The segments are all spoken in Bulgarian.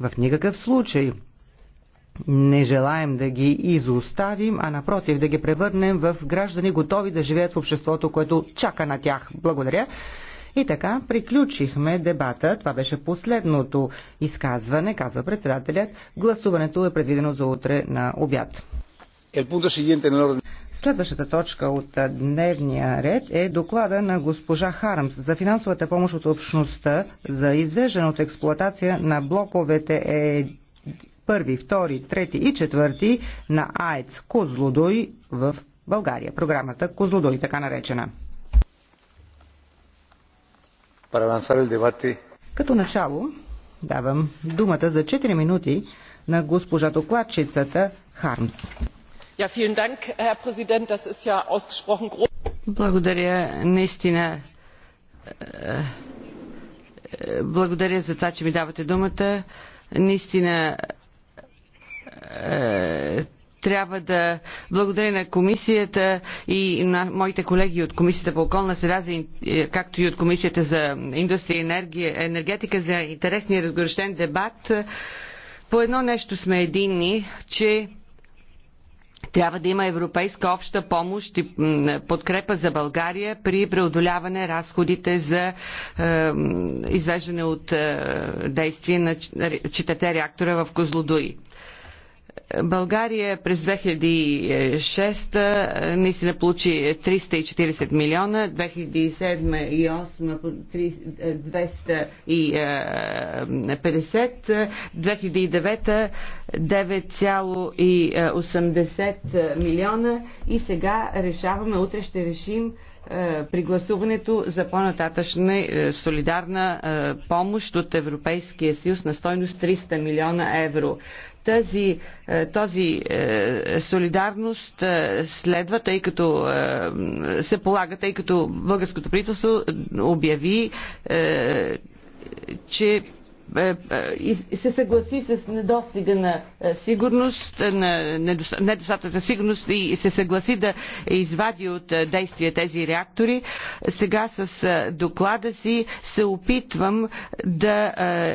В никакъв случай не желаем да ги изоставим, а напротив да ги превърнем в граждани, готови да живеят в обществото, което чака на тях. Благодаря. И така приключихме дебата. Това беше последното изказване, казва председателят. Гласуването е предвидено за утре на обяд. Следващата точка от дневния ред е доклада на госпожа Харамс за финансовата помощ от общността за извеждане от експлоатация на блоковете е първи, втори, трети и четвърти на АЕЦ Козлодой в България. Програмата Козлодой, така наречена. Като начало давам думата за 4 минути на госпожа докладчицата Хармс. Благодаря, наистина. Благодаря за това, че ми давате думата. Наистина трябва да благодаря на комисията и на моите колеги от комисията по околна среда, както и от комисията за индустрия и енергетика за интересния разгорещен дебат. По едно нещо сме единни, че трябва да има европейска обща помощ и подкрепа за България при преодоляване разходите за е, извеждане от е, действие на четете реактора в Козлодуи. България през 2006 наистина получи 340 милиона, 2007 и 2008 250, 2009 9,80 милиона и сега решаваме, утре ще решим при гласуването за по-нататъчна солидарна помощ от Европейския съюз на стойност 300 милиона евро тази, е, тази е, солидарност е, следва, тъй като се полага, тъй като българското правителство обяви че е, е, и се съгласи с недостига на е, сигурност, на недостатъчната сигурност и се съгласи да извади от действие тези реактори. Сега с доклада си се опитвам да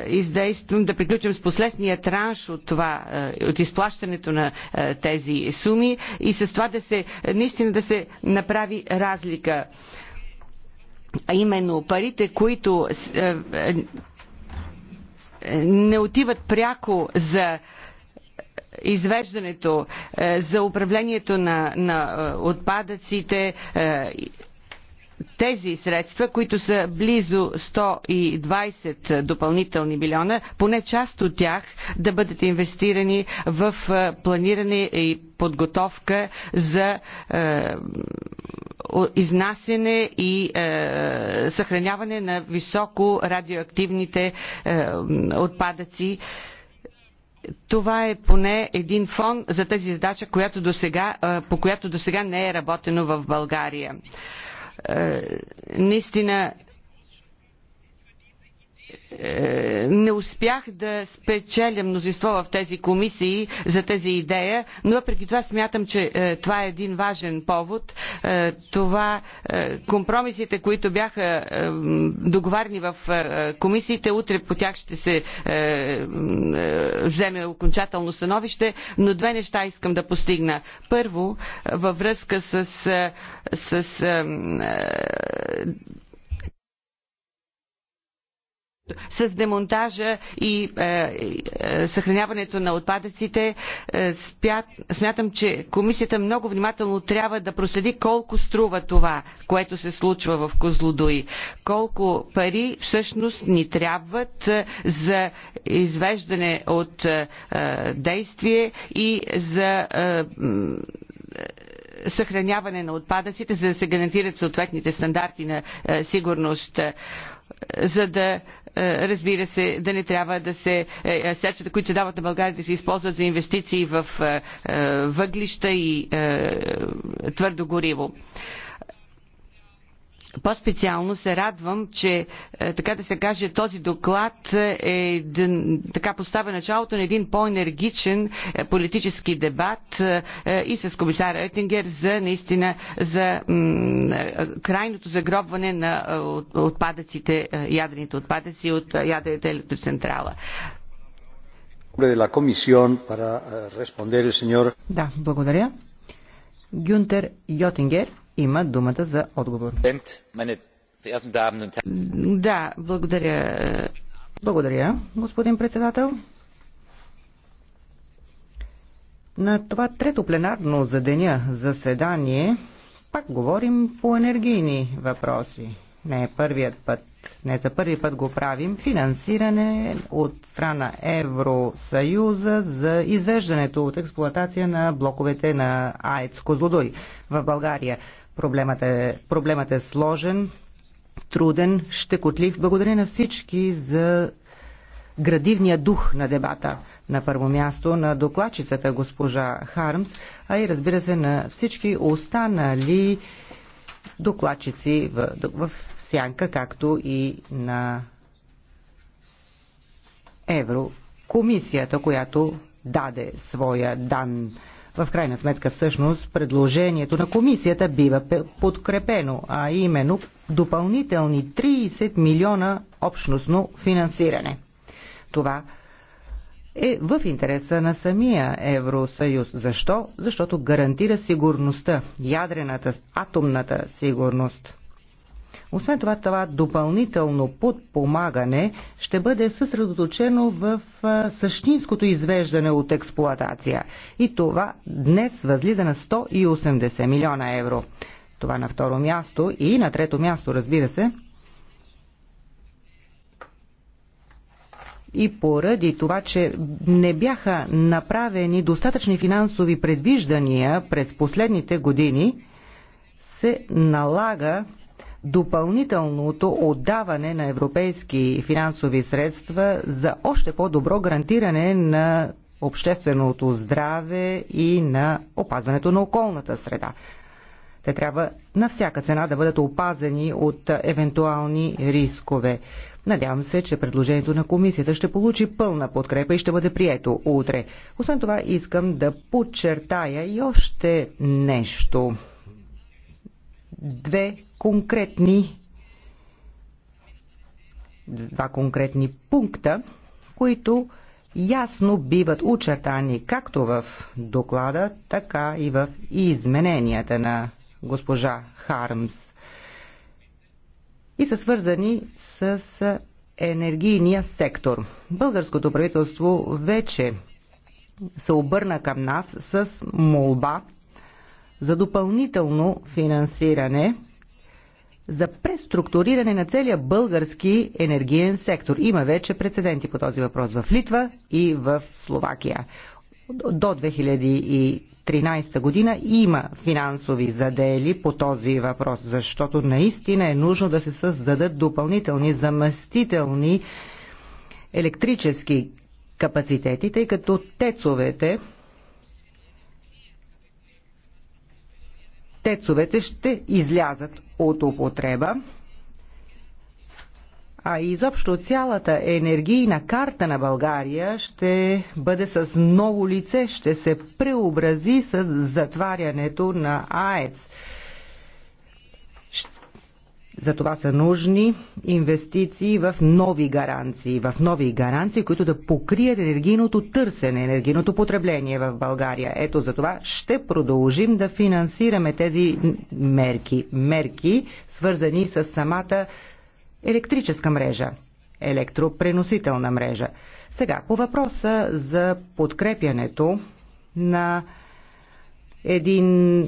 издействам, да приключим с последния транш от това, от изплащането на тези суми и с това да се, наистина да се направи разлика а именно парите, които не отиват пряко за извеждането, е, за управлението на, на е, отпадъците, е, тези средства, които са близо 120 допълнителни милиона, поне част от тях да бъдат инвестирани в планиране и подготовка за изнасяне и е, съхраняване на високо радиоактивните е, отпадъци. Това е поне един фон за тази задача, която досега, е, по която до сега не е работено в България е, наистина е, не успях да спечеля мнозинство в тези комисии за тази идея, но въпреки това смятам, че е, това е един важен повод. Е, това компромисите, които бяха договарни в комисиите, утре по тях ще се вземе окончателно становище, но две неща искам да постигна. Първо, във връзка с, с с демонтажа и е, е, съхраняването на отпадъците, е, спят, смятам, че комисията много внимателно трябва да проследи колко струва това, което се случва в Козлодуи. Колко пари всъщност ни трябват е, за извеждане от е, е, действие и за. Е, съхраняване на отпадъците, за да се гарантират съответните стандарти на е, сигурност. Е, за да е, разбира се, да не трябва да се е, е, средствата, които се дават на България, да се използват за инвестиции в въглища и твърдо гориво. По-специално се радвам, че е, така да се каже, този доклад е така поставя началото на един по-енергичен е, политически дебат е, и с комисар Етингер за наистина за крайното загробване на отпадъците, ядрените отпадъци от ядрената електроцентрала. Eh, да, благодаря. Гюнтер Йотингер има думата за отговор. Да, благодаря. Благодаря, господин председател. На това трето пленарно за деня заседание пак говорим по енергийни въпроси. Не е първият път, не за първи път го правим. Финансиране от страна Евросъюза за извеждането от експлоатация на блоковете на АЕЦ Козлодой в България. Проблемът е, проблемът е сложен, труден, щекотлив. Благодаря на всички за градивния дух на дебата. На първо място на докладчицата госпожа Хармс, а и разбира се на всички останали докладчици в, в сянка, както и на Еврокомисията, която даде своя дан в крайна сметка всъщност предложението на комисията бива подкрепено, а именно допълнителни 30 милиона общностно финансиране. Това е в интереса на самия Евросъюз. Защо? Защото гарантира сигурността, ядрената, атомната сигурност. Освен това, това допълнително подпомагане ще бъде съсредоточено в същинското извеждане от експлоатация. И това днес възлиза на 180 милиона евро. Това на второ място и на трето място, разбира се, и поради това, че не бяха направени достатъчни финансови предвиждания през последните години, се налага допълнителното отдаване на европейски финансови средства за още по-добро гарантиране на общественото здраве и на опазването на околната среда. Те трябва на всяка цена да бъдат опазени от евентуални рискове. Надявам се, че предложението на комисията ще получи пълна подкрепа и ще бъде прието утре. Освен това, искам да подчертая и още нещо. Две конкретни два конкретни пункта, които ясно биват очертани както в доклада, така и в измененията на госпожа Хармс и са свързани с енергийния сектор. Българското правителство вече се обърна към нас с молба за допълнително финансиране – за преструктуриране на целия български енергиен сектор. Има вече прецеденти по този въпрос в Литва и в Словакия. До 2013 година има финансови задели по този въпрос, защото наистина е нужно да се създадат допълнителни заместителни електрически капацитети, тъй като тецовете тецовете ще излязат от употреба, а изобщо цялата енергийна карта на България ще бъде с ново лице, ще се преобрази с затварянето на АЕЦ. За това са нужни инвестиции в нови гаранции, в нови гаранции, които да покрият енергийното търсене, енергийното потребление в България. Ето за това ще продължим да финансираме тези мерки, мерки свързани с самата електрическа мрежа, електропреносителна мрежа. Сега по въпроса за подкрепянето на един,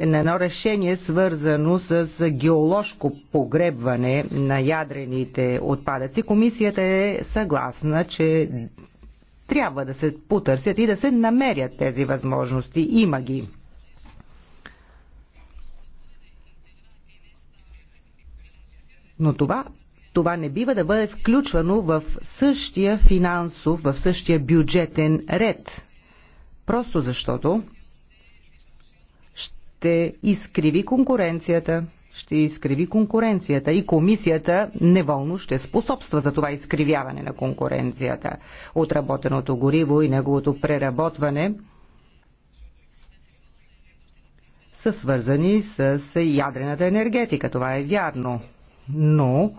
едно решение свързано с геоложко погребване на ядрените отпадъци. Комисията е съгласна, че трябва да се потърсят и да се намерят тези възможности. Има ги. Но това, това не бива да бъде включвано в същия финансов, в същия бюджетен ред. Просто защото ще изкриви конкуренцията. Ще изкриви конкуренцията и комисията неволно ще способства за това изкривяване на конкуренцията. Отработеното гориво и неговото преработване са свързани с ядрената енергетика. Това е вярно. Но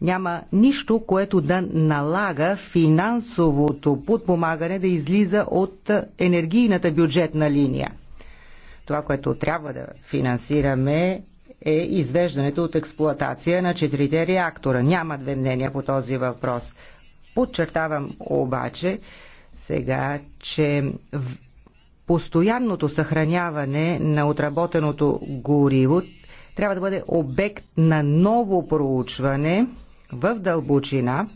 няма нищо, което да налага финансовото подпомагане да излиза от енергийната бюджетна линия. Това, което трябва да финансираме е извеждането от експлоатация на четирите реактора. Няма две мнения по този въпрос. Подчертавам обаче сега, че постоянното съхраняване на отработеното гориво трябва да бъде обект на ново проучване в дълбочина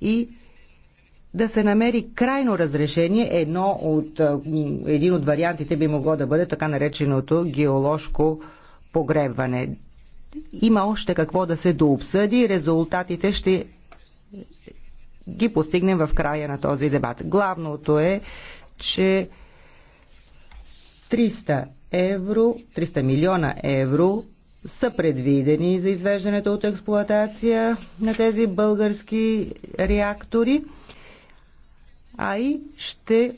и да се намери крайно разрешение. Едно от, един от вариантите би могло да бъде така нареченото геоложко погребване. Има още какво да се дообсъди. Резултатите ще ги постигнем в края на този дебат. Главното е, че 300 евро, 300 милиона евро са предвидени за извеждането от експлоатация на тези български реактори а и ще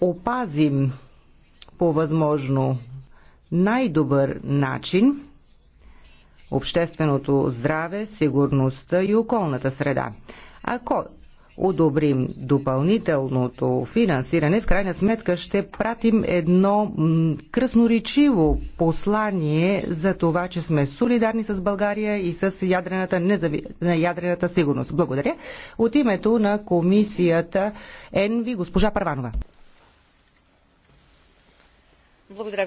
опазим по възможно най-добър начин общественото здраве, сигурността и околната среда. Ако одобрим допълнителното финансиране, в крайна сметка ще пратим едно кръсноречиво послание за това, че сме солидарни с България и с ядрената, незави... на ядрената сигурност. Благодаря. От името на комисията ЕНВИ, госпожа Парванова. Благодаря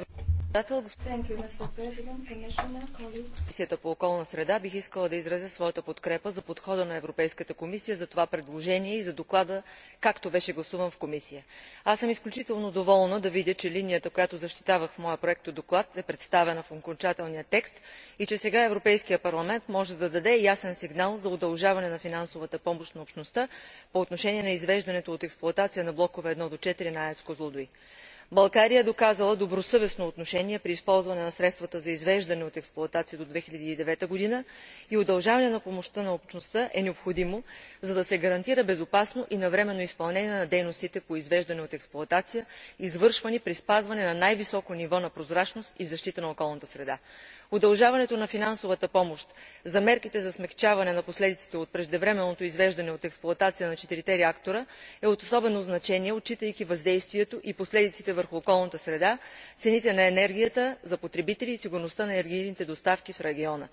председател, Комисията по околна среда, бих искала да изразя своята подкрепа за подхода на Европейската комисия за това предложение и за доклада, както беше гласуван в комисия. Аз съм изключително доволна да видя, че линията, която защитавах в моя проектодоклад, е представена в окончателния текст и че сега Европейският парламент може да даде ясен сигнал за удължаване на финансовата помощ на общността по отношение на извеждането от експлоатация на блокове 1 до 4 на АЕС Козлодуй. България е доказала добросъвестно отношение при използване на средствата за извеждане от експлоатация до 2009 и г. и удължаване на помощта на общността е необходимо за да се гарантира безопасно и навременно изпълнение на дейностите по извеждане от експлоатация извършвани при спазване на най високо ниво на прозрачност и защита на околната среда. удължаването на финансовата помощ за мерките за смекчаване на последиците от преждевременното извеждане от експлоатация на четирите реактора е от особено значение отчитайки въздействието и последиците върху околната среда цените на енергията за потребители и сигурността на енергийните доставки в региона.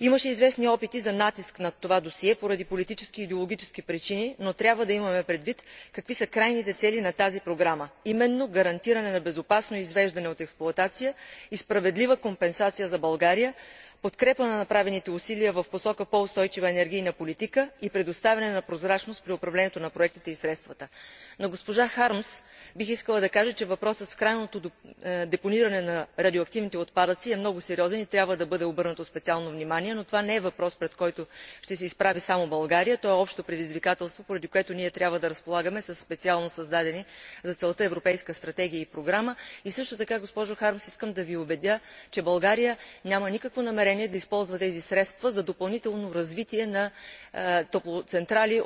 имаше известни опити за натиск над това досие поради политически и идеологически причини но трябва да имаме предвид какви са крайните цели на тази програма именно гарантиране на безопасно извеждане от експлоатация и справедлива компенсация за българя подкрепа на направените усилия в посока по устойчива енергийна политика и предоставяне на прозрачност при управлението на проектите и средствата. на госпожа хармс бих искала да кажа че въпросът с крайното е, депониране на радиоактивните отпадъци е много сериозен и трябва да бъде обърнато специално внимание но това не е въпрос пред който ще се изправи само българя. той е общо предизвикателство поради което ние трябва да разполагаме със специално създадена за целта европейска стратегия и програма. също така госпожо хармс искам да ви убедя че българя няма никакво намерение намерение да използва тези средства за допълнително развитие на топлоцентрали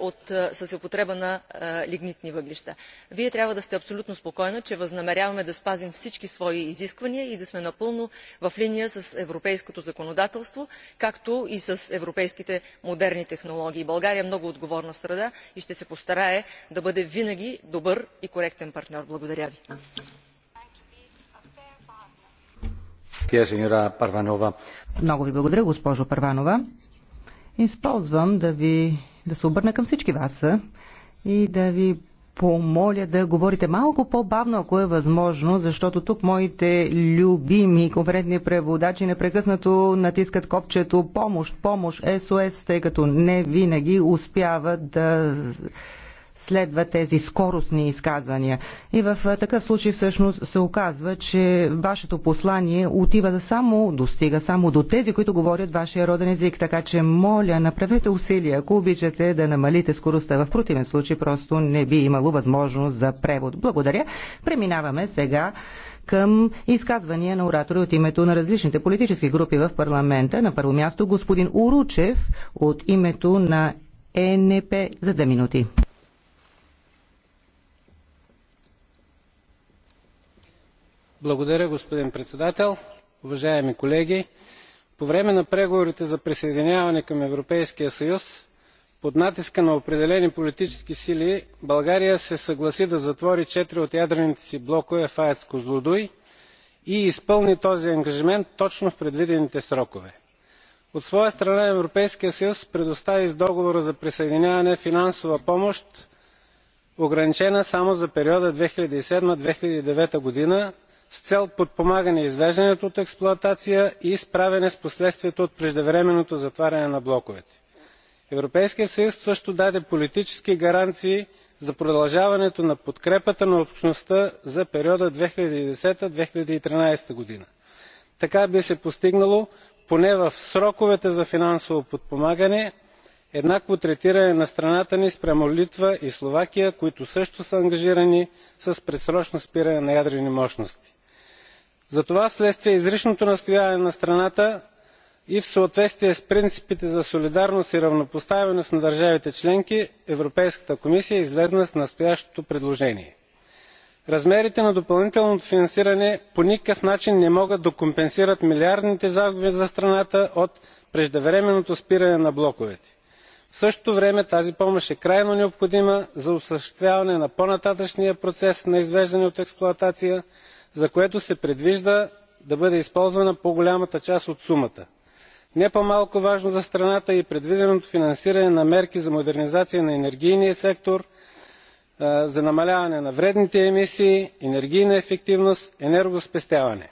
с употреба на лигнитни въглища. вие трябва да сте абсолютно спокойна че възнамеряваме да спазим всички свои изисквания и да сме напълно в линия с европейското законодателство както и с европейските модерни технологии. България е много отговорна страна и ще се постарае да бъде винаги добър и коректен партньор. благодаря ви. Много ви благодаря, госпожо Парванова. Използвам да ви да се обърна към всички вас и да ви помоля да говорите малко по-бавно, ако е възможно, защото тук моите любими конферентни преводачи непрекъснато натискат копчето помощ, помощ, СОС, тъй като не винаги успяват да следва тези скоростни изказвания. И в такъв случай всъщност се оказва, че вашето послание отива да само, достига само до тези, които говорят вашия роден език. Така че, моля, направете усилия, ако обичате да намалите скоростта. В противен случай просто не би имало възможност за превод. Благодаря. Преминаваме сега към изказвания на оратори от името на различните политически групи в парламента. На първо място господин Уручев от името на ЕНП за две минути. Благодаря, господин председател. Уважаеми колеги, по време на преговорите за присъединяване към Европейския съюз, под натиска на определени политически сили, България се съгласи да затвори четири от ядрените си блокове в АЕЦ Козлодуй и изпълни този ангажимент точно в предвидените срокове. От своя страна Европейският съюз предостави с договора за присъединяване финансова помощ, ограничена само за периода 2007-2009 година, с цел подпомагане извеждането от експлоатация и справяне с последствията от преждевременното затваряне на блоковете. европейският съюз също даде политически гаранции за продължаването на подкрепата на общността за периода 2010-2013 г. Така би се постигнало, поне в сроковете за финансово подпомагане, еднакво третиране на страната ни спрямо Литва и Словакия, които също са ангажирани с предсрочно спиране на ядрени мощности затова вследствие изричното настояване на страната и в съответствие с принципите за солидарност и равнопоставеност на държавите членки европейската комисия излезе с настоящото предложение. размерите на допълнителното финансиране по никакъв начин не могат да компенсират милиардните загуби за страната от преждевременното спиране на блоковете. в същото време тази помощ е крайно необходима за осъществяване на по нататъшния процес на извеждане от експлоатация за което се предвижда да бъде използвана по голямата част от сумата. не по малко важно за страната е и предвиденото финансиране на мерки за модернизация на енергийния сектор за намаляване на вредните емисии енергийна ефективност енергоспестяване.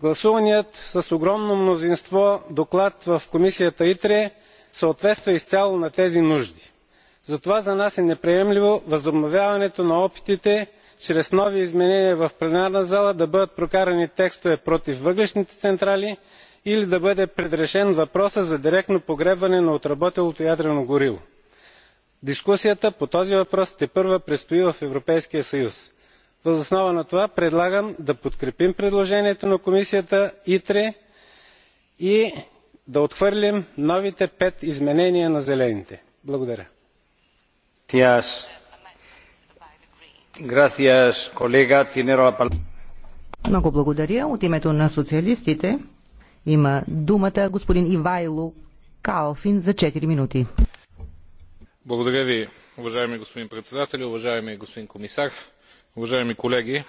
гласуваният с огромно мнозинство доклад в комисията ИТРЕ съответства изцяло на тези нужди. затова за нас е неприемливо възобновяването на опитите чрез нови изменения в пленарната зала да бъдат прокарани текстове против въглищните централи или да бъде предрешен въпросът за директно погребване на отработеното ядрено гориво. дискусията по този въпрос тепърва предстои в европейския съюз. въз основа на това предлагам да подкрепим предложението на комисията ИТРЕ и да отхвърлим новите пет изменения на зелените. благодаря. Много благодаря. От името на социалистите има думата господин Ивайло Калфин за 4 минути. Благодаря ви, уважаеми господин председател, уважаеми господин комисар, уважаеми колеги.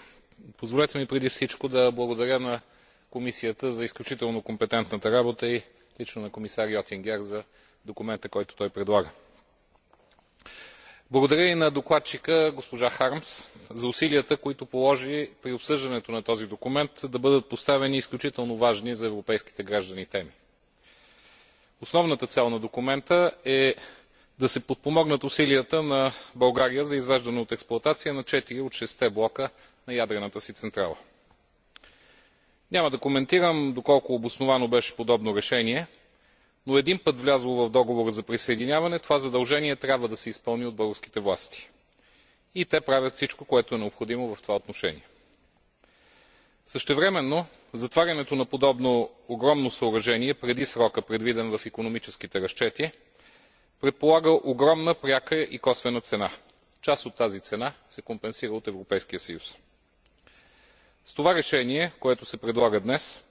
Позволете ми преди всичко да благодаря на комисията за изключително компетентната работа и лично на комисар Йотингер за документа, който той предлага благодаря и на докладчика госпожа хармс за усилията които положи при обсъждането на този документ да бъдат поставени изключително важни за европейските граждани теми. основната цел на документа е да се подпомогнат усилията на българя за извеждане от експлоатация на четири от шестте блока на ядрената си централа. няма да коментирам доколко обосновано беше подобно решение но един път влязло в договора за присъединяване това задължение трябва да се изпълни от българските власти и те правят всичко което е необходимо в това отношение. същевременно затварянето на подобно огромно съоръжение преди срока предвиден в икономическите разчети предполага огромна пряка и косвена цена. част от тази цена се компенсира от европейския съюз. с това решение което се предлага днес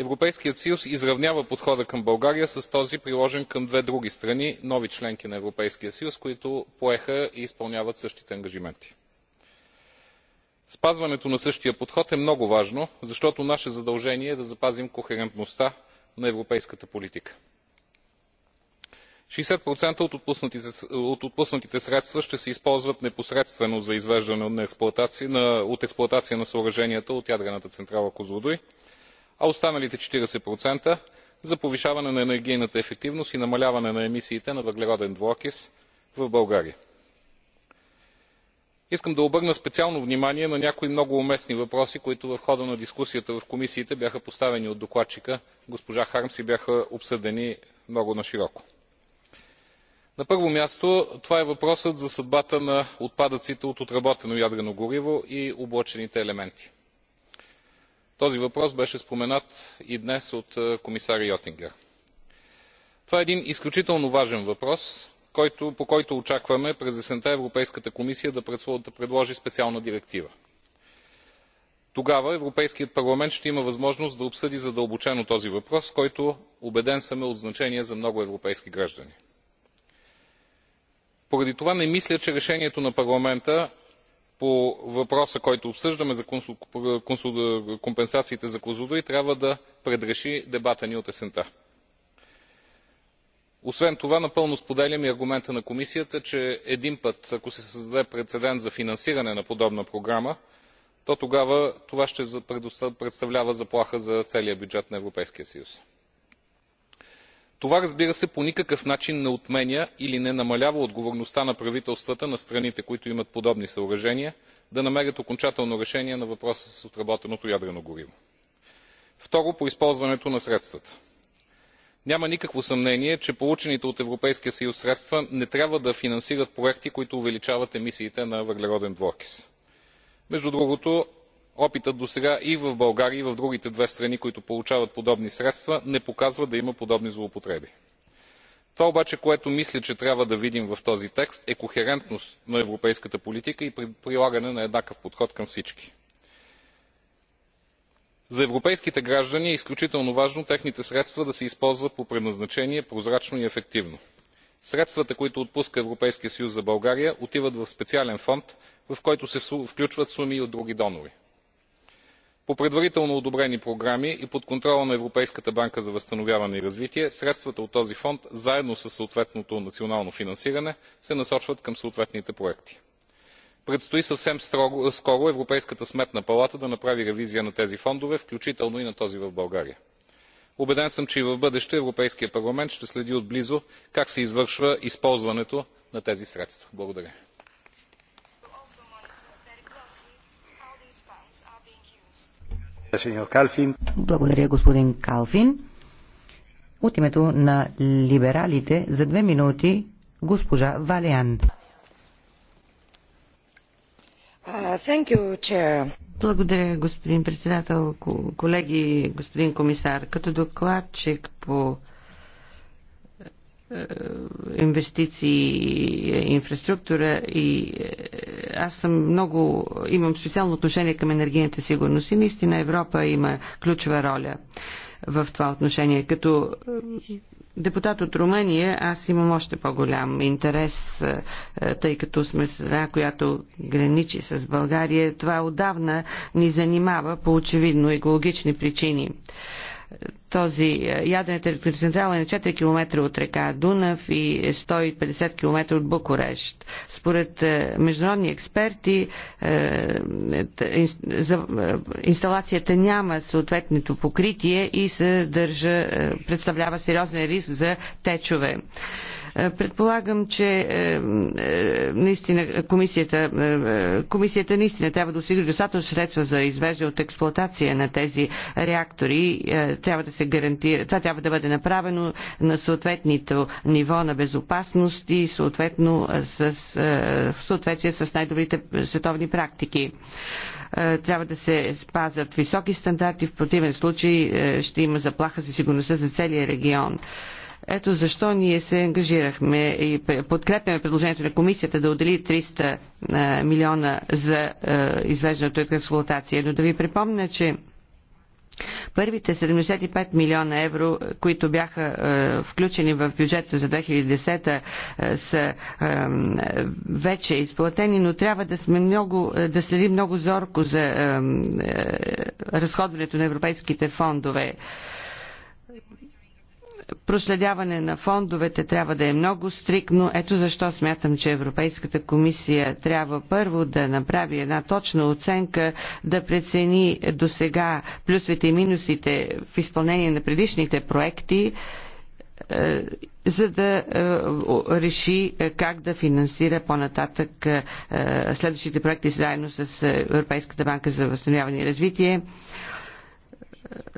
европейският съюз изравнява подхода към българя с този приложен към две други страни нови членки на европейския съюз които поеха и изпълняват същите ангажименти. спазването на същия подход е много важно защото наше задължение е да запазим кохерентността на европейската политика. шестдесет от отпуснатите средства ще се използват непосредствено за извеждане от експлоатация на съоръженията от ядрената централа козлодуй а останалите четиридесет за повишаване на енергийната ефективност и намаляване на емисиите на въглероден двуокис в българия. искам да обърна специално внимание на някои много уместни въпроси които в хода на дискусията в комисиите бяха поставени от докладчика госпожа хармс и бяха обсъдени много нашироко. на първо място това е въпросът за съдбата на отпадъците от отработено ядрено гориво и облъчените елементи този въпрос беше споменат и днес от е, комисаря оеттингер. това е един изключително важен въпрос по който очакваме през есента европейската комисия да предложи специална директива. тогава европейският парламент ще има възможност да обсъди задълбочено този въпрос който убеден съм е от значение за много европейски граждани. поради това не мисля че решението на парламента по въпроса, който обсъждаме за компенсациите за козлодуй, трябва да предреши дебата ни от есента. Освен това, напълно споделям и аргумента на комисията, че един път, ако се създаде прецедент за финансиране на подобна програма, то тогава това ще представлява заплаха за целия бюджет на Европейския съюз това разбира се по никакъв начин не отменя или не намалява отговорността на правителствата на страните които имат подобни съоръжения да намерят окончателно решение на въпроса с отработеното ядрено гориво. второ по използването на средствата. няма никакво съмнение че получените от европейския съюз средства не трябва да финансират проекти които увеличават емисиите на въглероден двуокис. между другото опитът досега и в България и в другите две страни които получават подобни средства не показва да има подобни злоупотреби. това обаче което мисля че трябва да видим в този текст е кохерентност на европейската политика и прилагане на еднакъв подход към всички. за европейските граждани е изключително важно техните средства да се използват по предназначение прозрачно и ефективно. средствата които отпуска европейският съюз за българя отиват в специален фонд в който се включват суми и от други донори по предварително одобрени програми и под контрола на европейската банка за възстановяване и развитие средствата от този фонд заедно със съответното национално финансиране се насочват към съответните проекти. предстои съвсем скоро европейската сметна палата да направи ревизия на тези фондове включително и на този в българя. убеден съм че и в бъдеще европейският парламент ще следи отблизо как се извършва използването на тези средства. благодаря. Благодаря, господин Калфин. От името на либералите за две минути госпожа Валиан. Благодаря, господин председател, колеги, господин комисар. Като докладчик по е, инвестиции, е, инфраструктура и е, аз съм много, имам специално отношение към енергийната сигурност и наистина Европа има ключова роля в това отношение. Като депутат от Румъния, аз имам още по-голям интерес, тъй като сме страна, която граничи с България. Това отдавна ни занимава по очевидно екологични причини този е, ядрената електроцентрала е на 4 км от река Дунав и 150 е км от Букурещ. Според е, международни експерти инсталацията няма съответното покритие и се държа, представлява сериозен риск за течове. Предполагам, че наистина комисията, е, е, комисията наистина трябва да осигури достатъчно средства за извежда от експлоатация на тези реактори. Е, трябва да се гарантира. Това трябва да бъде направено на съответното ниво на безопасност и съответно с, в съответствие с най-добрите световни практики трябва да се спазят високи стандарти, в противен случай ще има заплаха за сигурността за целия регион. Ето защо ние се ангажирахме и подкрепяме предложението на комисията да отдели 300 милиона за извеждането от консултация. Но да ви припомня, че Първите 75 милиона евро, които бяха е, включени в бюджета за 2010 е, са е, вече изплатени, но трябва да сме много, да следим много зорко за е, е, разходването на европейските фондове. Е, проследяване на фондовете трябва да е много стрикно. Ето защо смятам, че Европейската комисия трябва първо да направи една точна оценка, да прецени до сега плюсовете и минусите в изпълнение на предишните проекти, е, за да е, реши е, как да финансира по-нататък следващите проекти заедно с Европейската банка за възстановяване и развитие.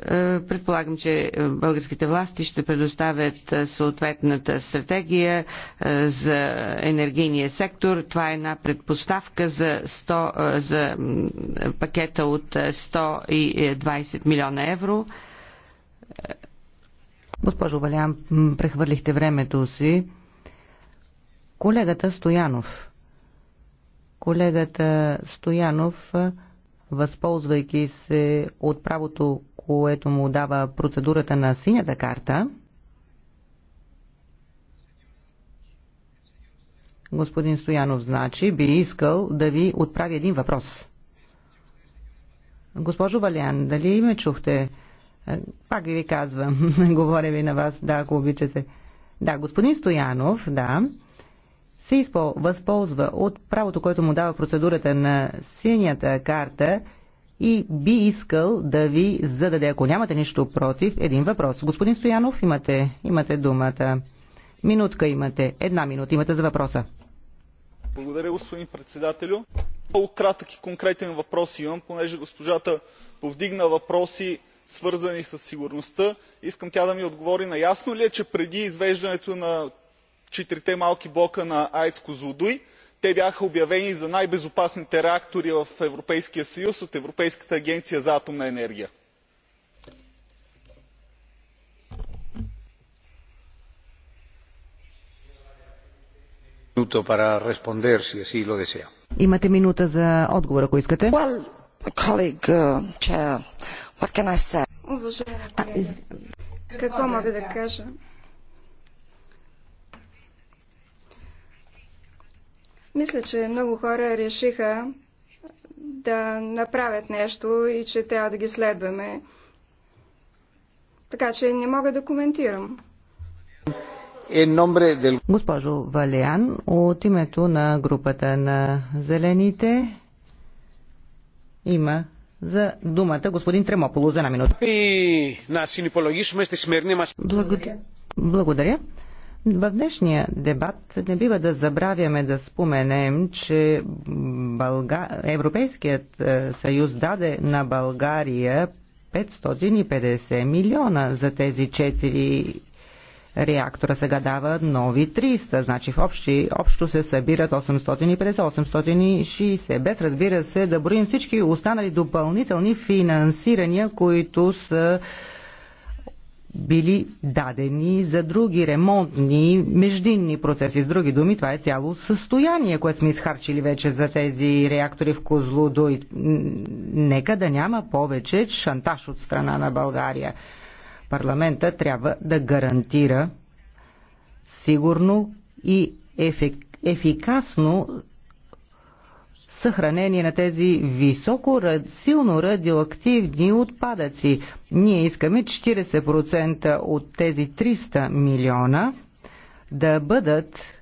Е, предполагам, че е, българските власти ще предоставят е, съответната стратегия за енергийния сектор. Това е една предпоставка за, 100, за пакета от 120 милиона евро. Госпожо Валян, прехвърлихте времето си. Колегата Стоянов. Колегата Стоянов възползвайки се от правото, което му дава процедурата на синята карта, господин Стоянов, значи, би искал да ви отправи един въпрос. Госпожо Валян, дали ме чухте? Пак ви казвам, говоря ви на вас, да, ако обичате. Да, господин Стоянов, да, се възползва от правото, което му дава процедурата на синята карта и би искал да ви зададе, ако нямате нищо против, един въпрос. Господин Стоянов, имате, имате думата. Минутка имате. Една минута имате за въпроса. Благодаря, господин председателю. Много кратък и конкретен въпрос имам, понеже госпожата повдигна въпроси, свързани с сигурността. Искам тя да ми отговори наясно ли е, че преди извеждането на четирите малки блока на аец козлодуй те бяха обявени за най безопасните реактори в европейския съюз от европейската агенция за атомна енергия. Имате минута за отговор, ако искате. Uh, Уважаеми колега, какво мога да кажа? Мисля, че много хора решиха да направят нещо и че трябва да ги следваме. Така че не мога да коментирам. Е, Госпожо Валиан, от името на групата на зелените има за думата господин Тремополо за една минута. Благодаря. Благодаря. В днешния дебат не бива да забравяме да споменем, че Бълга... Европейският е, съюз даде на България 550 милиона за тези 4 реактора. Сега дава нови 300, значи в общи, общо се събират 850-860. Без разбира се да броим всички останали допълнителни финансирания, които са били дадени за други ремонтни междинни процеси. С други думи, това е цяло състояние, което сме изхарчили вече за тези реактори в Козлодо. Нека да няма повече шантаж от страна на България. Парламента трябва да гарантира сигурно и ефик... ефикасно съхранение на тези високо, силно радиоактивни отпадъци. Ние искаме 40% от тези 300 милиона да бъдат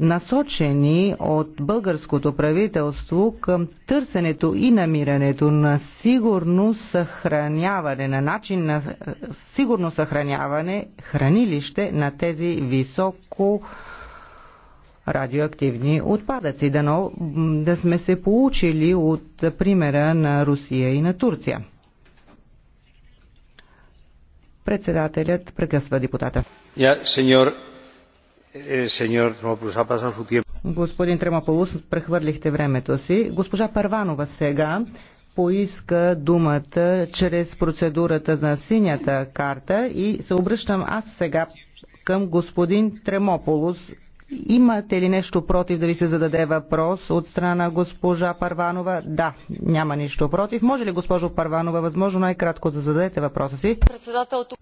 насочени от българското правителство към търсенето и намирането на сигурно съхраняване, на начин на сигурно съхраняване, хранилище на тези високо радиоактивни отпадъци. Дано да сме се получили от примера на Русия и на Турция. Председателят прекъсва депутата. Yeah, señor, сеньор е, Господин Тремополус, прехвърлихте времето си. Госпожа Парванова сега поиска думата чрез процедурата на синята карта и се обръщам аз сега към господин Тремополус Имате ли нещо против да ви се зададе въпрос от страна на госпожа Парванова? Да, няма нищо против. Може ли госпожо Парванова, възможно най-кратко да зададете въпроса си? Председател, тук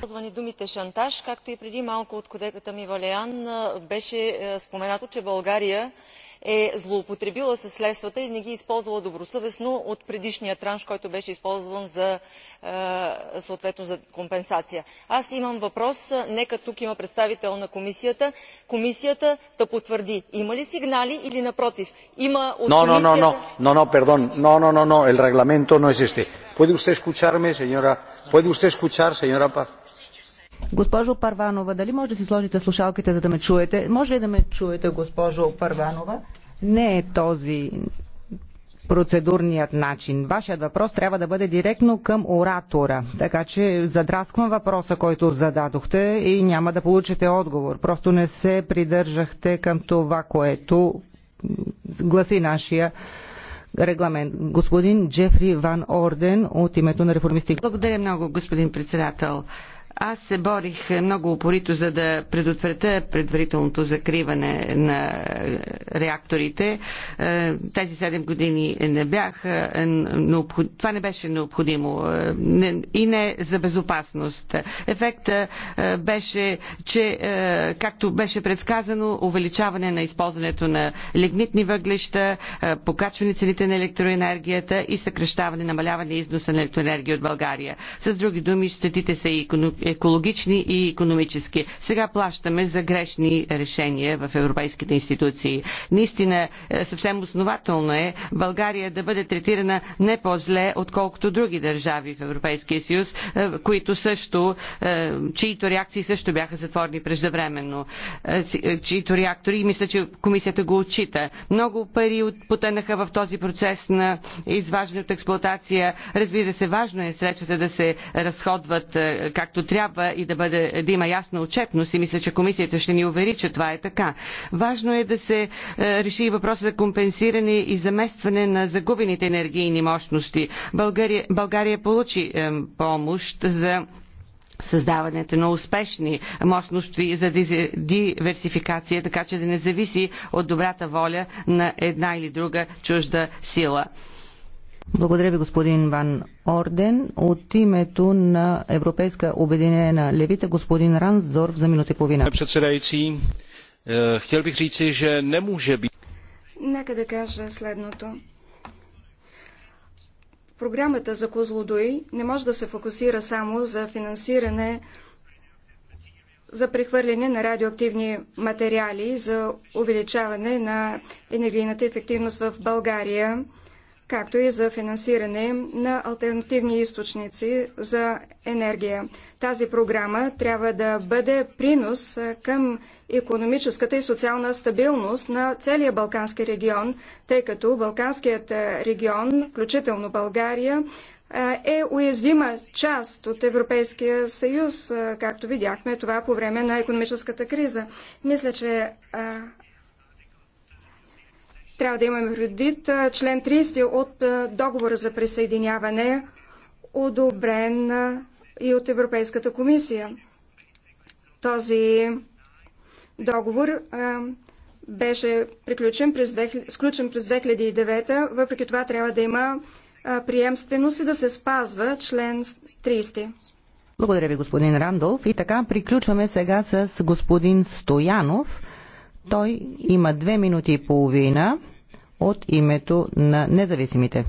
ползвани думите шантаж, както и преди малко от кодеката ми Валеян беше споменато, че България е злоупотребила със средствата и не ги е използвала добросъвестно от предишния транш който беше използван е, съответно за компенсация. аз имам въпрос нека тук има представител на комисията комисията да потвърди има ли сигнали или напротив има от комисията. Госпожо Парванова, дали може да си сложите слушалките, за да ме чуете? Може ли да ме чуете, госпожо Парванова? Не е този процедурният начин. Вашият въпрос трябва да бъде директно към оратора. Така че задрасквам въпроса, който зададохте и няма да получите отговор. Просто не се придържахте към това, което гласи нашия регламент. Господин Джефри Ван Орден от името на реформисти. Благодаря много, господин председател. Аз се борих много упорито, за да предотвратя предварителното закриване на реакторите. Е, тези 7 години не бяха. Е, това не беше необходимо. Е, и не за безопасност. Ефекта беше, че, както беше предсказано, увеличаване на използването на лигнитни въглища, покачване цените на електроенергията и съкрещаване, намаляване износа на електроенергия от България. С други думи, щетите са и економически екологични и економически. Сега плащаме за грешни решения в европейските институции. Наистина, е, съвсем основателно е България да бъде третирана не по-зле, отколкото други държави в Европейския съюз, е, които също, е, чието реакции също бяха затворни преждевременно, чието реактори, и мисля, че комисията го отчита. Много пари потънаха в този процес на изваждане от експлуатация. Разбира се, важно е средствата да се разходват както трябва и да, бъде, да има ясна отчетност и мисля, че комисията ще ни увери, че това е така. Важно е да се е, реши и въпроса за компенсиране и заместване на загубените енергийни мощности. България, България получи е, помощ за създаването на успешни мощности за диверсификация, така че да не зависи от добрата воля на една или друга чужда сила. Благодаря ви, господин Ван Орден. От името на Европейска обединена левица, господин Рансдорф за минута и половина. Председайци, е, хотел бих че не може би... Нека да кажа следното. Програмата за Козлодой не може да се фокусира само за финансиране за прехвърляне на радиоактивни материали за увеличаване на енергийната ефективност в България както и за финансиране на альтернативни източници за енергия. Тази програма трябва да бъде принос към економическата и социална стабилност на целия Балкански регион, тъй като Балканският регион, включително България, е уязвима част от Европейския съюз, както видяхме това по време на економическата криза. Мисля, че трябва да имаме предвид член 30 от договора за присъединяване, одобрен и от Европейската комисия. Този договор беше приключен през, сключен през 2009, въпреки това трябва да има приемственост и да се спазва член 30. Благодаря ви, господин Рандолф. И така приключваме сега с господин Стоянов. Той има две минути и половина от името на независимите.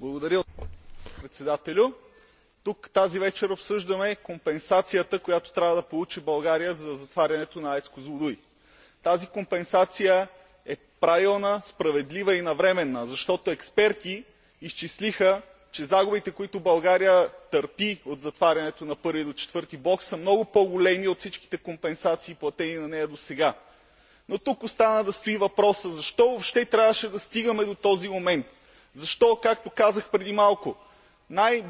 Благодаря, председателю. Тук тази вечер обсъждаме компенсацията, която трябва да получи България за затварянето на Айцко Злодуй. Тази компенсация е правилна, справедлива и навременна, защото експерти изчислиха, че загубите, които България търпи от затварянето на първи до четвърти блок, са много по-големи от всичките компенсации, платени на нея досега но тук остана да стои въпросът защо въобще трябваше да стигаме до този момент? защо както казах преди малко най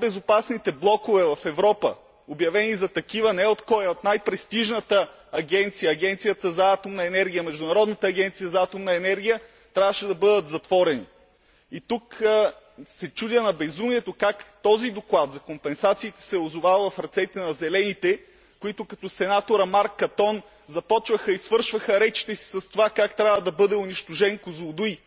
безопасните блокове в европа обявени за такива не от кой а от най престижната агенция агенцията за атомна енергия международната агенция за атомна енергия трябваше да бъдат затворени? и тук се чудя на безумието как този доклад за компенсациите се е озовал в ръцете на зелените които като сенатора марк катон започваха и свършваха речите си с това как трябва да бъде унищожен козлодуй.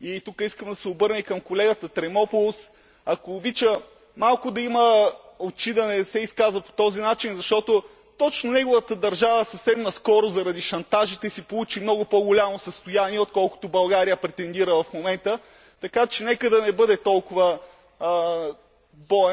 И тук искам да се обърна и към колегата трemopoulos ако обича малко да има очи да не се изказва по този начин защото точно неговата държава съвсем наскоро заради шантажите си получи много по голямо състояние отколкото България претендира в момента така че нека да не бъде толкова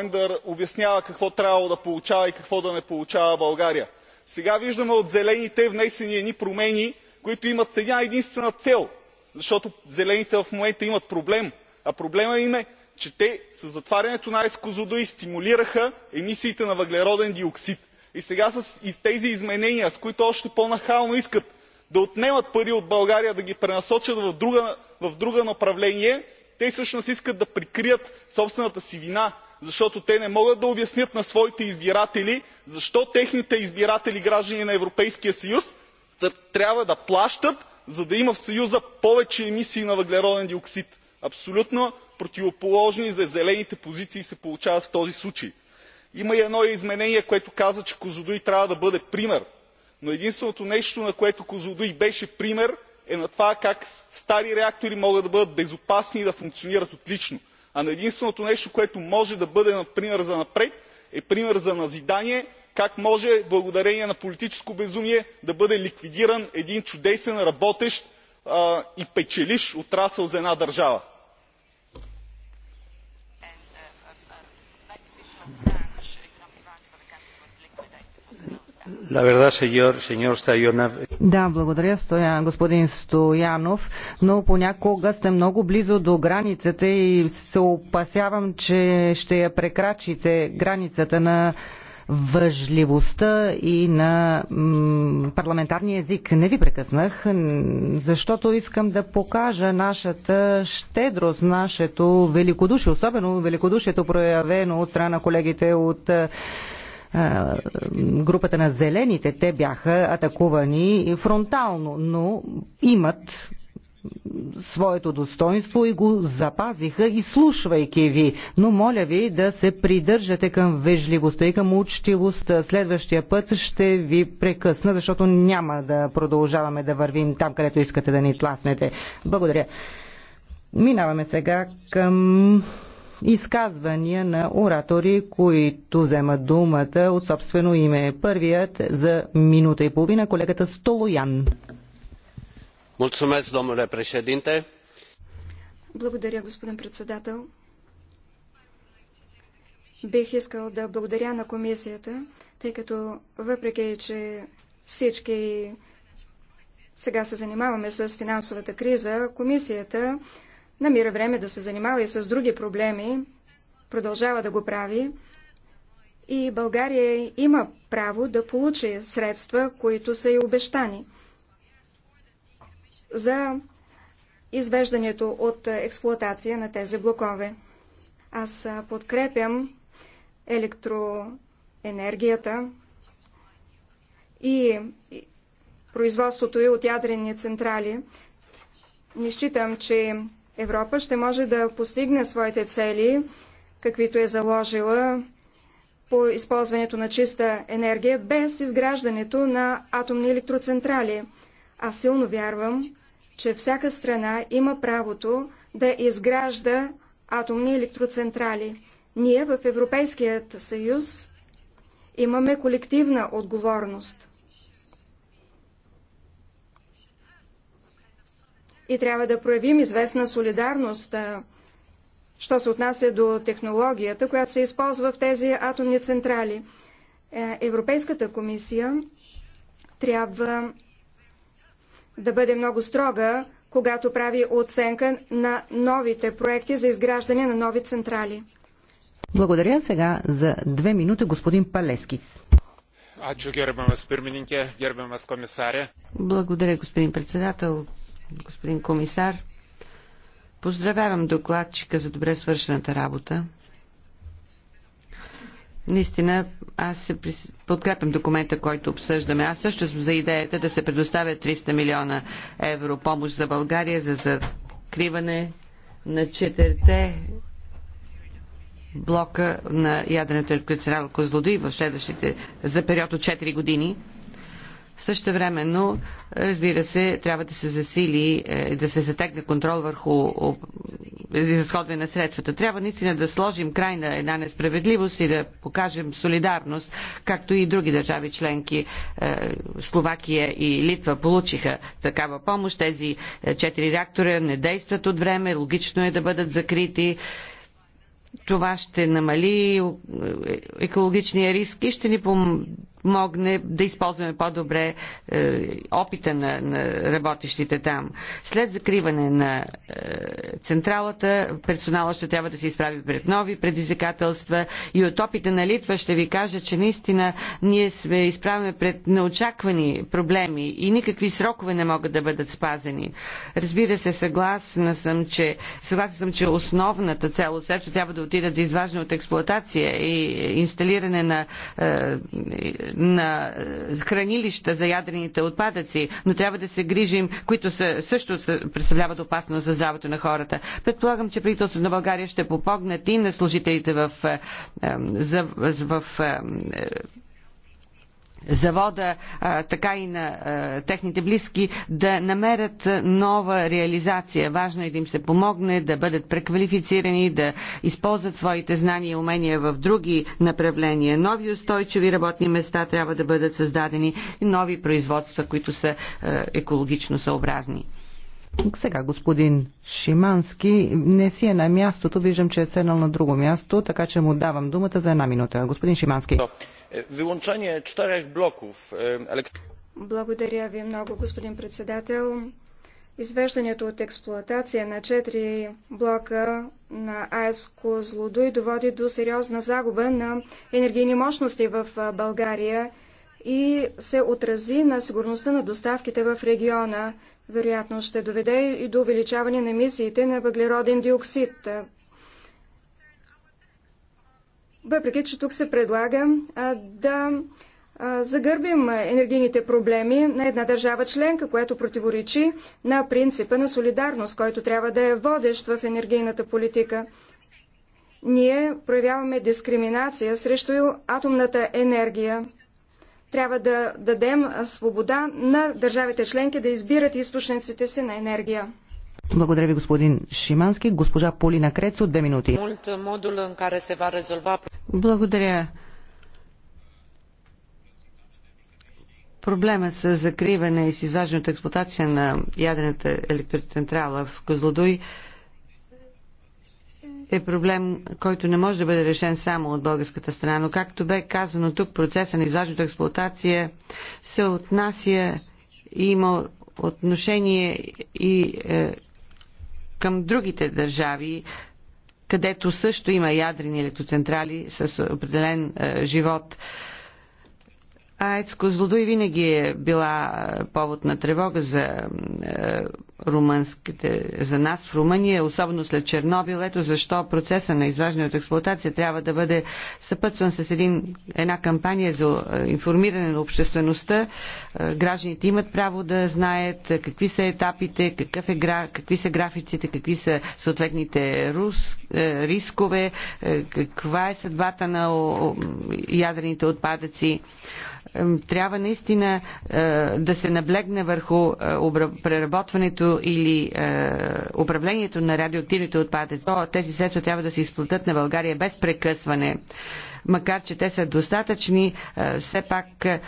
да обяснява какво трябвало да получава и какво да не получава България. Сега виждаме от Зелените внесени едни промени, които имат една-единствена цел, защото Зелените в момента имат проблем, а проблемът им е, че те със затварянето на АЕЦ „Козлодуй“ стимулираха емисиите на въглероден диоксид. И сега с тези изменения, с които още по-нахално искат да отнемат пари от България, да ги пренасочат в друго направление, те всъщност искат да прикрият собствената си вина защото те не могат да обяснят на своите избиратели защо техните избиратели граждани на европейския съюз трябва да плащат за да има в съюза повече емисии на въглероден диоксид. абсолютно противоположни за зелените позиции се получават в този случай. има и едно изменение което казва че козлодуй трябва да бъде пример но единственото нещо на което козлодуй беше пример е на това как стари реактори могат да бъдат безопасни и да функционират отлично а на единственото нещо което може да бъде пример занапред е пример за назидание как може благодарение на политическо безумие да бъде ликвидиран един чудесен работещ и печеливш отрасъл за една държава. Да, благодаря, стоя, господин Стоянов, но понякога сте много близо до границата и се опасявам, че ще я прекрачите границата на въжливостта и на парламентарния език. Не ви прекъснах, защото искам да покажа нашата щедрост, нашето великодушие, особено великодушието проявено от страна на колегите от групата на зелените. Те бяха атакувани фронтално, но имат своето достоинство и го запазиха, изслушвайки ви. Но моля ви да се придържате към вежливостта и към учтивостта. Следващия път ще ви прекъсна, защото няма да продължаваме да вървим там, където искате да ни тласнете. Благодаря. Минаваме сега към изказвания на оратори, които вземат думата от собствено име. Първият за минута и половина колегата Столоян. Благодаря, господин председател. Бих искал да благодаря на комисията, тъй като въпреки, че всички сега се занимаваме с финансовата криза, комисията намира време да се занимава и с други проблеми, продължава да го прави. И България има право да получи средства, които са и обещани за извеждането от експлоатация на тези блокове. Аз подкрепям електроенергията и производството и от ядрени централи. Не считам, че Европа ще може да постигне своите цели, каквито е заложила по използването на чиста енергия, без изграждането на атомни електроцентрали. Аз силно вярвам, че всяка страна има правото да изгражда атомни електроцентрали. Ние в Европейският съюз имаме колективна отговорност. и трябва да проявим известна солидарност, що се отнася до технологията, която се използва в тези атомни централи. Е, Европейската комисия трябва да бъде много строга, когато прави оценка на новите проекти за изграждане на нови централи. Благодаря сега за две минути господин Палескис. Благодаря, господин председател господин комисар. Поздравявам докладчика за добре свършената работа. Наистина, аз се подкрепям документа, който обсъждаме. Аз също съм за идеята да се предоставя 300 милиона евро помощ за България за закриване на четирите блока на ядрената електроцентрала Козлодуй в следващите за период от 4 години. Също времено, разбира се, трябва да се засили, е, да се затегне контрол върху изразходване на средствата. Трябва наистина да сложим край на една несправедливост и да покажем солидарност, както и други държави членки. Е, Словакия и Литва получиха такава помощ. Тези е, четири реактора не действат от време. Логично е да бъдат закрити това ще намали екологичния риск и ще ни помогне да използваме по-добре е, опита на, на работещите там. След закриване на е, централата, персонала ще трябва да се изправи пред нови предизвикателства и от опита на Литва ще ви кажа, че наистина ние сме изправени пред неочаквани проблеми и никакви срокове не могат да бъдат спазени. Разбира се, съгласна съм, че, съгласна съм, че основната цел от трябва да отидат за изваждане от експлоатация и инсталиране на е, на е, хранилища за ядрените отпадъци, но трябва да се грижим, които са, също са, представляват опасност за здравето на хората. Предполагам, че правителството на България ще попогнат и на служителите в, е, е, в, в завода, а, така и на а, техните близки, да намерят нова реализация. Важно е да им се помогне, да бъдат преквалифицирани, да използват своите знания и умения в други направления. Нови устойчиви работни места трябва да бъдат създадени и нови производства, които са а, екологично съобразни. Сега господин Шимански не си е на мястото, виждам, че е седнал на друго място, така че му давам думата за една минута. Господин Шимански. Е, Вилончание czterech блоков. Е, Благодаря ви много, господин председател. Извеждането от експлоатация на четири блока на АЕС Козлодуй доводи до сериозна загуба на енергийни мощности в България и се отрази на сигурността на доставките в региона вероятно ще доведе и до увеличаване на емисиите на въглероден диоксид. Въпреки, че тук се предлага а, да а, загърбим енергийните проблеми на една държава членка, което противоречи на принципа на солидарност, който трябва да е водещ в енергийната политика. Ние проявяваме дискриминация срещу атомната енергия трябва да дадем свобода на държавите членки да избират източниците си на енергия. Благодаря ви, господин Шимански. Госпожа Полина Крецо, две минути. Благодаря. Проблема с закриване и с изваждането експлуатация на ядрената електроцентрала в Козлодуй е проблем, който не може да бъде решен само от българската страна, но както бе казано тук, процеса на изваждането експлуатация се отнася и има отношение и е, към другите държави, където също има ядрени електроцентрали с определен е, живот. Злодо и винаги е била е, повод на тревога за е, румънските, за нас в Румъния, особено след Чернобил. Ето защо процеса на изваждане от експлуатация трябва да бъде съпътстван с един, една кампания за информиране на обществеността. Гражданите имат право да знаят какви са етапите, какъв е, какви са графиците, какви са съответните рус, рискове, каква е съдбата на ядрените отпадъци трябва наистина да се наблегне върху преработването или е, управлението на радиоактивните отпадъци. То, тези средства трябва да се изплатят на България без прекъсване. Макар, че те са достатъчни, е, все пак е,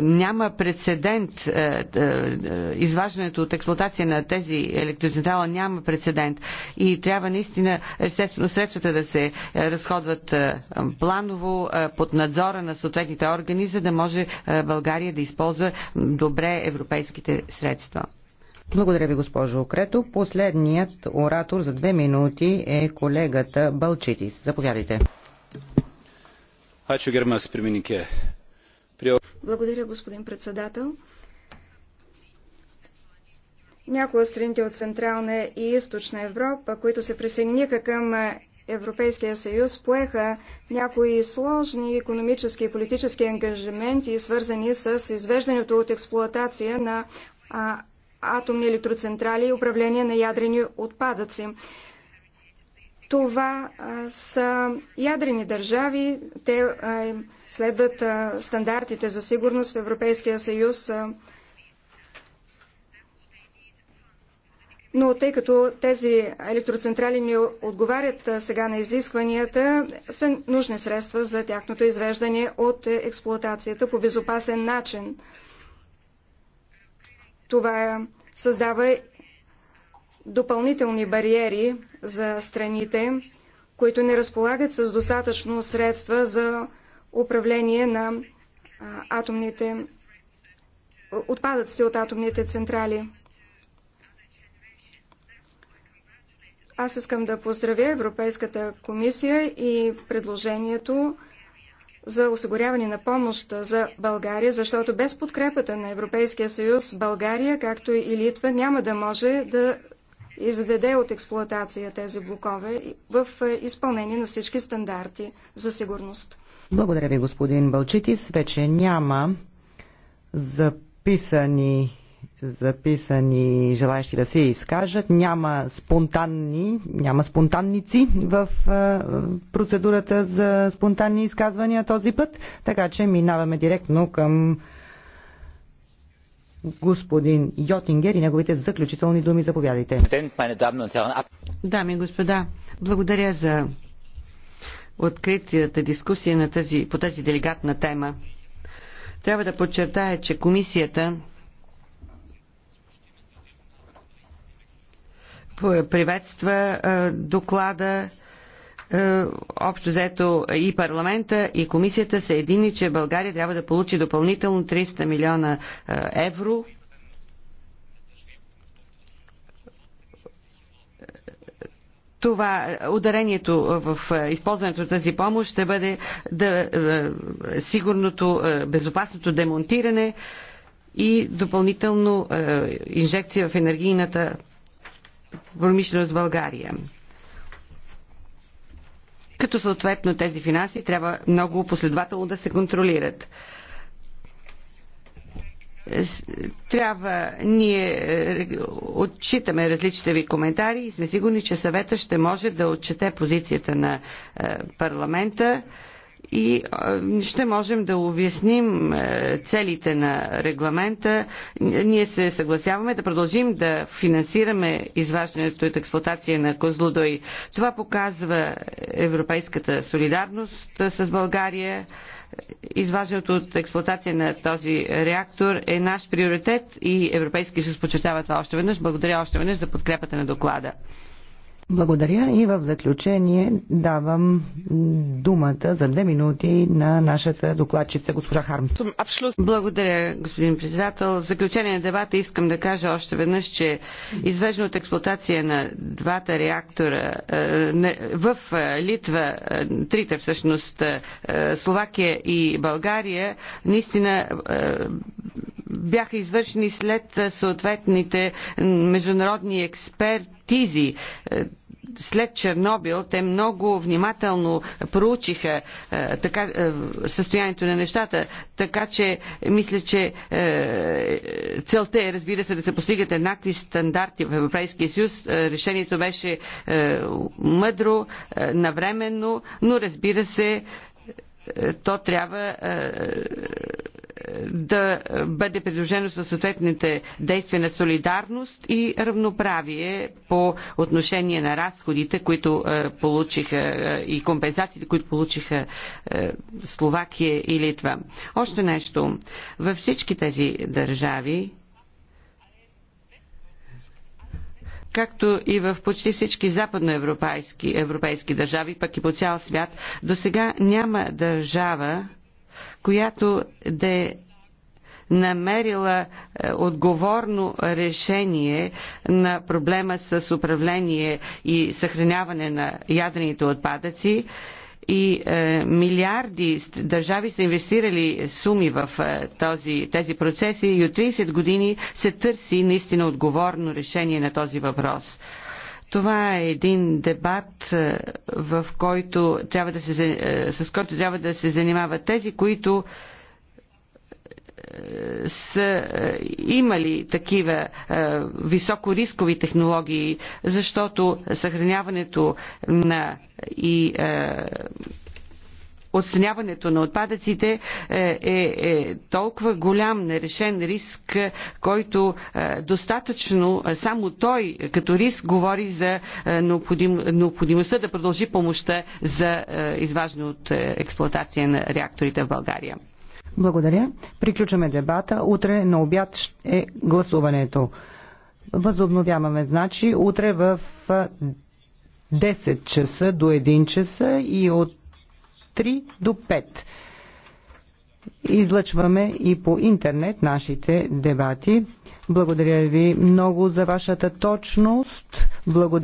няма прецедент. Е, изваждането от експлуатация на тези електроцентрала няма прецедент. И трябва наистина, естествено, средствата да се разходват планово под надзора на съответните органи, за да може България да използва добре европейските средства. Благодаря ви, госпожо Крето. Последният оратор за две минути е колегата Балчитис. Заповядайте. Благодаря, господин председател. Някои от страните от Централна и Източна Европа, които се присъединиха към Европейския съюз, поеха някои сложни економически и политически ангажименти, свързани с извеждането от експлоатация на а, атомни електроцентрали и управление на ядрени отпадъци. Това а, са ядрени държави. Те а, следват а, стандартите за сигурност в Европейския съюз. А, но тъй като тези електроцентрали не отговарят сега на изискванията, са нужни средства за тяхното извеждане от експлуатацията по безопасен начин. Това създава допълнителни бариери за страните, които не разполагат с достатъчно средства за управление на атомните отпадъците от атомните централи. Аз искам да поздравя Европейската комисия и предложението за осигуряване на помощ за България, защото без подкрепата на Европейския съюз България, както и Литва, няма да може да изведе от експлоатация тези блокове в изпълнение на всички стандарти за сигурност. Благодаря ви, господин Балчитис. Вече няма записани записани желаящи да се изкажат. Няма спонтанни, няма спонтанници в процедурата за спонтанни изказвания този път, така че минаваме директно към господин Йотингер и неговите заключителни думи. Заповядайте. Дами и господа, благодаря за откритията дискусия на тази, по тази делегатна тема. Трябва да подчертая, че комисията приветства е, доклада е, общо взето и парламента, и комисията са едини, че България трябва да получи допълнително 300 милиона е, евро. Това ударението в използването на тази помощ ще бъде да, сигурното, безопасното демонтиране и допълнително инжекция в енергийната промишленост в България. Като съответно тези финанси трябва много последователно да се контролират трябва, ние е, отчитаме различните ви коментари и сме сигурни, че съвета ще може да отчете позицията на е, парламента и ще можем да обясним е, целите на регламента. Ние се съгласяваме да продължим да финансираме изваждането от експлуатация на Козлодой. Това показва европейската солидарност с България. Изваждането от експлуатация на този реактор е наш приоритет и Европейски съюз подчертава това още веднъж. Благодаря още веднъж за подкрепата на доклада. Благодаря и в заключение давам думата за две минути на нашата докладчица госпожа Харм. Благодаря, господин председател. В заключение на дебата искам да кажа още веднъж, че извеждане от експлуатация на двата реактора е, в е, Литва, е, трите всъщност, Словакия и България, наистина бяха извършени след съответните международни експерти експертизи. Е, след Чернобил те много внимателно проучиха е, така, е, състоянието на нещата, така че мисля, че целта е, разбира се, да се постигат еднакви стандарти в Европейския съюз. Решението беше мъдро, навременно, но разбира се, то трябва да бъде придружено със съответните действия на солидарност и равноправие по отношение на разходите, които е, получиха е, и компенсациите, които получиха е, Словакия и Литва. Още нещо. Във всички тези държави както и в почти всички западноевропейски европейски държави, пък и по цял свят, до сега няма държава, която да е намерила е, отговорно решение на проблема с управление и съхраняване на ядрените отпадъци и е, милиарди държави са инвестирали суми в е, този, тези процеси и от 30 години се търси наистина отговорно решение на този въпрос. Това е един дебат, е, в който трябва да се, е, с който трябва да се занимават тези, които е, са имали такива високо високорискови технологии, защото съхраняването на и отстраняването на отпадъците е, е, е толкова голям нерешен риск, който е, достатъчно е, само той като риск говори за необходим, необходимостта да продължи помощта за изваждане от експлоатация на реакторите в България. Благодаря. Приключваме дебата. Утре на обяд е гласуването. Възобновяваме, значи, утре в 10 часа до 1 часа и от 3 до 5. Излъчваме и по интернет нашите дебати. Благодаря ви много за вашата точност. Благодаря